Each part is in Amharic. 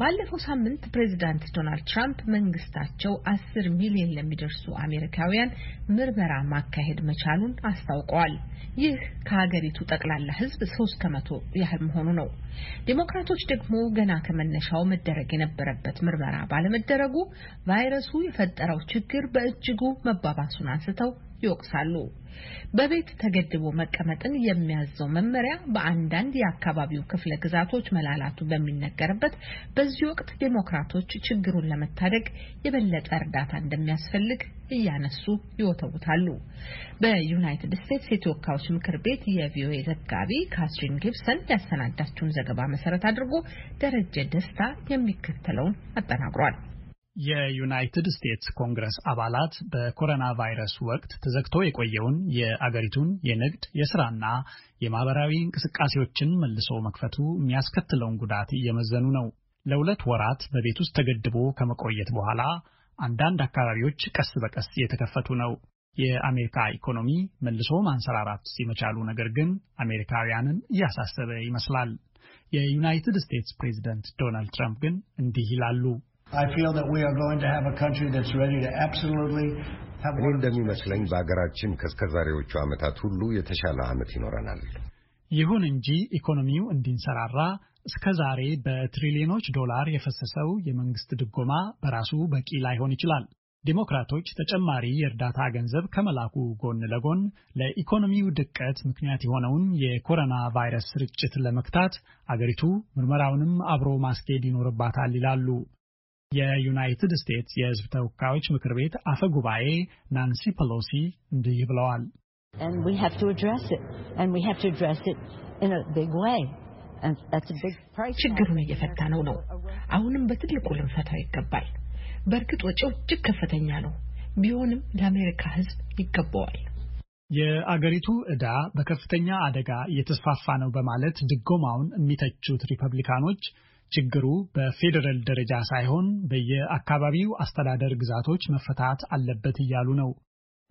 ባለፈው ሳምንት ፕሬዚዳንት ዶናልድ ትራምፕ መንግስታቸው አስር ሚሊዮን ለሚደርሱ አሜሪካውያን ምርመራ ማካሄድ መቻሉን አስታውቀዋል። ይህ ከሀገሪቱ ጠቅላላ ሕዝብ ሶስት ከመቶ ያህል መሆኑ ነው። ዴሞክራቶች ደግሞ ገና ከመነሻው መደረግ የነበረበት ምርመራ ባለመደረጉ ቫይረሱ የፈጠረው ችግር በእጅጉ መባባሱን አንስተው ይወቅሳሉ። በቤት ተገድቦ መቀመጥን የሚያዘው መመሪያ በአንዳንድ የአካባቢው ክፍለ ግዛቶች መላላቱ በሚነገርበት በዚህ ወቅት ዴሞክራቶች ችግሩን ለመታደግ የበለጠ እርዳታ እንደሚያስፈልግ እያነሱ ይወተውታሉ። በዩናይትድ ስቴትስ የተወካዮች ምክር ቤት የቪኦኤ ዘጋቢ ካትሪን ጊብሰን ያሰናዳችውን ዘገባ መሰረት አድርጎ ደረጀ ደስታ የሚከተለውን አጠናቅሯል። የዩናይትድ ስቴትስ ኮንግረስ አባላት በኮሮና ቫይረስ ወቅት ተዘግቶ የቆየውን የአገሪቱን የንግድ የስራና የማህበራዊ እንቅስቃሴዎችን መልሶ መክፈቱ የሚያስከትለውን ጉዳት እየመዘኑ ነው። ለሁለት ወራት በቤት ውስጥ ተገድቦ ከመቆየት በኋላ አንዳንድ አካባቢዎች ቀስ በቀስ እየተከፈቱ ነው። የአሜሪካ ኢኮኖሚ መልሶ ማንሰራራት ሲመቻሉ፣ ነገር ግን አሜሪካውያንን እያሳሰበ ይመስላል። የዩናይትድ ስቴትስ ፕሬዚደንት ዶናልድ ትራምፕ ግን እንዲህ ይላሉ። እኔ እንደሚመስለኝ በአገራችን ከእስከዛሬዎቹ ዓመታት ሁሉ የተሻለ ዓመት ይኖረናል። ይሁን እንጂ ኢኮኖሚው እንዲንሰራራ እስከ ዛሬ በትሪሊዮኖች ዶላር የፈሰሰው የመንግስት ድጎማ በራሱ በቂ ላይሆን ይችላል። ዴሞክራቶች ተጨማሪ የእርዳታ ገንዘብ ከመላኩ ጎን ለጎን ለኢኮኖሚው ድቀት ምክንያት የሆነውን የኮሮና ቫይረስ ስርጭት ለመክታት አገሪቱ ምርመራውንም አብሮ ማስኬድ ይኖርባታል ይላሉ። የዩናይትድ ስቴትስ የሕዝብ ተወካዮች ምክር ቤት አፈ ጉባኤ ናንሲ ፐሎሲ እንዲህ ብለዋል። ችግሩን እየፈታ ነው ነው አሁንም በትልቁ ልንፈታው ይገባል። በእርግጥ ወጪው እጅግ ከፍተኛ ነው። ቢሆንም ለአሜሪካ ሕዝብ ይገባዋል። የአገሪቱ ዕዳ በከፍተኛ አደጋ እየተስፋፋ ነው በማለት ድጎማውን የሚተቹት ሪፐብሊካኖች ችግሩ በፌዴራል ደረጃ ሳይሆን በየአካባቢው አስተዳደር ግዛቶች መፈታት አለበት እያሉ ነው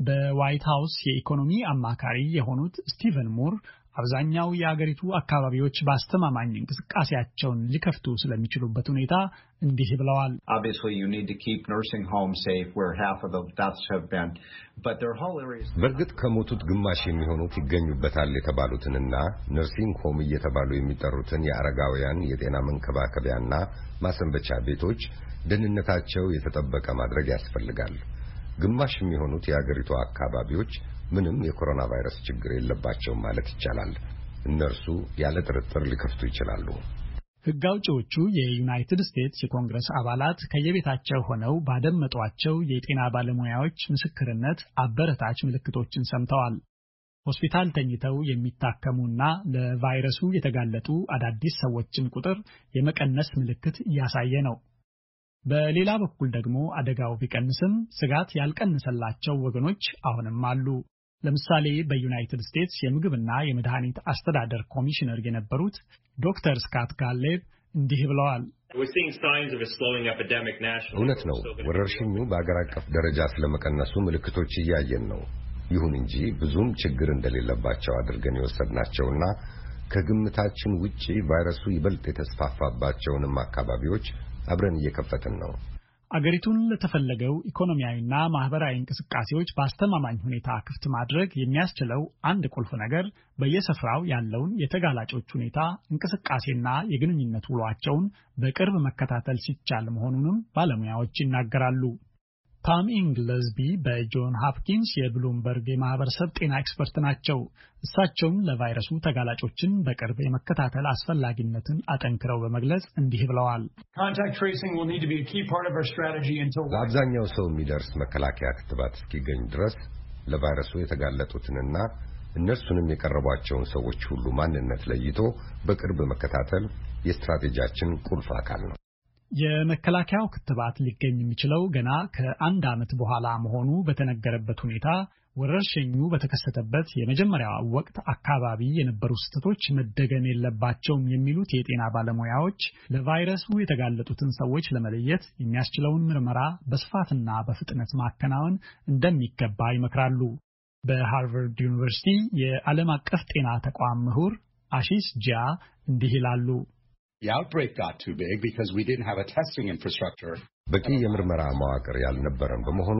በዋይት ሀውስ የኢኮኖሚ አማካሪ የሆኑት ስቲቨን ሙር አብዛኛው የአገሪቱ አካባቢዎች በአስተማማኝ እንቅስቃሴያቸውን ሊከፍቱ ስለሚችሉበት ሁኔታ እንዲህ ብለዋል። በእርግጥ ከሞቱት ግማሽ የሚሆኑት ይገኙበታል የተባሉትንና ነርሲንግ ሆም እየተባሉ የሚጠሩትን የአረጋውያን የጤና መንከባከቢያና ማሰንበቻ ቤቶች ደህንነታቸው የተጠበቀ ማድረግ ያስፈልጋል። ግማሽ የሚሆኑት የአገሪቱ አካባቢዎች ምንም የኮሮና ቫይረስ ችግር የለባቸውም ማለት ይቻላል። እነርሱ ያለ ጥርጥር ሊከፍቱ ይችላሉ። ሕግ አውጪዎቹ የዩናይትድ ስቴትስ የኮንግረስ አባላት ከየቤታቸው ሆነው ባደመጧቸው የጤና ባለሙያዎች ምስክርነት አበረታች ምልክቶችን ሰምተዋል። ሆስፒታል ተኝተው የሚታከሙና ለቫይረሱ የተጋለጡ አዳዲስ ሰዎችን ቁጥር የመቀነስ ምልክት እያሳየ ነው። በሌላ በኩል ደግሞ አደጋው ቢቀንስም ስጋት ያልቀነሰላቸው ወገኖች አሁንም አሉ። ለምሳሌ በዩናይትድ ስቴትስ የምግብና የመድኃኒት አስተዳደር ኮሚሽነር የነበሩት ዶክተር ስካት ጋሌብ እንዲህ ብለዋል። እውነት ነው፣ ወረርሽኙ በአገር አቀፍ ደረጃ ስለመቀነሱ ምልክቶች እያየን ነው። ይሁን እንጂ ብዙም ችግር እንደሌለባቸው አድርገን የወሰድናቸውና ከግምታችን ውጪ ቫይረሱ ይበልጥ የተስፋፋባቸውንም አካባቢዎች አብረን እየከፈትን ነው። አገሪቱን ለተፈለገው ኢኮኖሚያዊና ማህበራዊ እንቅስቃሴዎች በአስተማማኝ ሁኔታ ክፍት ማድረግ የሚያስችለው አንድ ቁልፍ ነገር በየስፍራው ያለውን የተጋላጮች ሁኔታ እንቅስቃሴና የግንኙነት ውሏቸውን በቅርብ መከታተል ሲቻል መሆኑንም ባለሙያዎች ይናገራሉ። ቶም ኢንግለስቢ በጆን ሃፕኪንስ የብሉምበርግ የማህበረሰብ ጤና ኤክስፐርት ናቸው። እሳቸውም ለቫይረሱ ተጋላጮችን በቅርብ የመከታተል አስፈላጊነትን አጠንክረው በመግለጽ እንዲህ ብለዋል። ለአብዛኛው ሰው የሚደርስ መከላከያ ክትባት እስኪገኝ ድረስ ለቫይረሱ የተጋለጡትንና እነርሱንም የቀረቧቸውን ሰዎች ሁሉ ማንነት ለይቶ በቅርብ መከታተል የስትራቴጂያችን ቁልፍ አካል ነው። የመከላከያው ክትባት ሊገኝ የሚችለው ገና ከአንድ ዓመት በኋላ መሆኑ በተነገረበት ሁኔታ ወረርሽኙ በተከሰተበት የመጀመሪያ ወቅት አካባቢ የነበሩ ስህተቶች መደገም የለባቸውም የሚሉት የጤና ባለሙያዎች ለቫይረሱ የተጋለጡትን ሰዎች ለመለየት የሚያስችለውን ምርመራ በስፋትና በፍጥነት ማከናወን እንደሚገባ ይመክራሉ። በሃርቨርድ ዩኒቨርሲቲ የዓለም አቀፍ ጤና ተቋም ምሁር አሺስ ጂያ እንዲህ ይላሉ። በቂ የምርመራ መዋቅር ያልነበረን በመሆኑ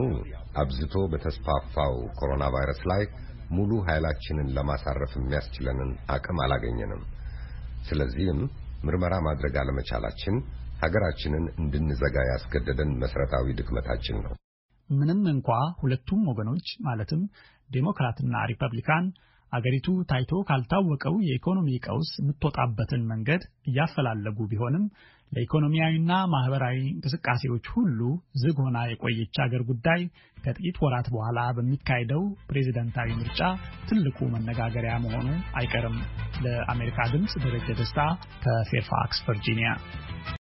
አብዝቶ በተስፋፋው ኮሮና ቫይረስ ላይ ሙሉ ኃይላችንን ለማሳረፍ የሚያስችለንን አቅም አላገኘንም። ስለዚህም ምርመራ ማድረግ አለመቻላችን ሀገራችንን እንድንዘጋ ያስገደደን መሠረታዊ ድክመታችን ነው። ምንም እንኳ ሁለቱም ወገኖች ማለትም ዴሞክራትና ሪፐብሊካን አገሪቱ ታይቶ ካልታወቀው የኢኮኖሚ ቀውስ የምትወጣበትን መንገድ እያፈላለጉ ቢሆንም ለኢኮኖሚያዊና ማህበራዊ እንቅስቃሴዎች ሁሉ ዝግ ሆና የቆየች አገር ጉዳይ ከጥቂት ወራት በኋላ በሚካሄደው ፕሬዝደንታዊ ምርጫ ትልቁ መነጋገሪያ መሆኑ አይቀርም። ለአሜሪካ ድምፅ ደረጀ ደስታ ከፌርፋክስ ቨርጂኒያ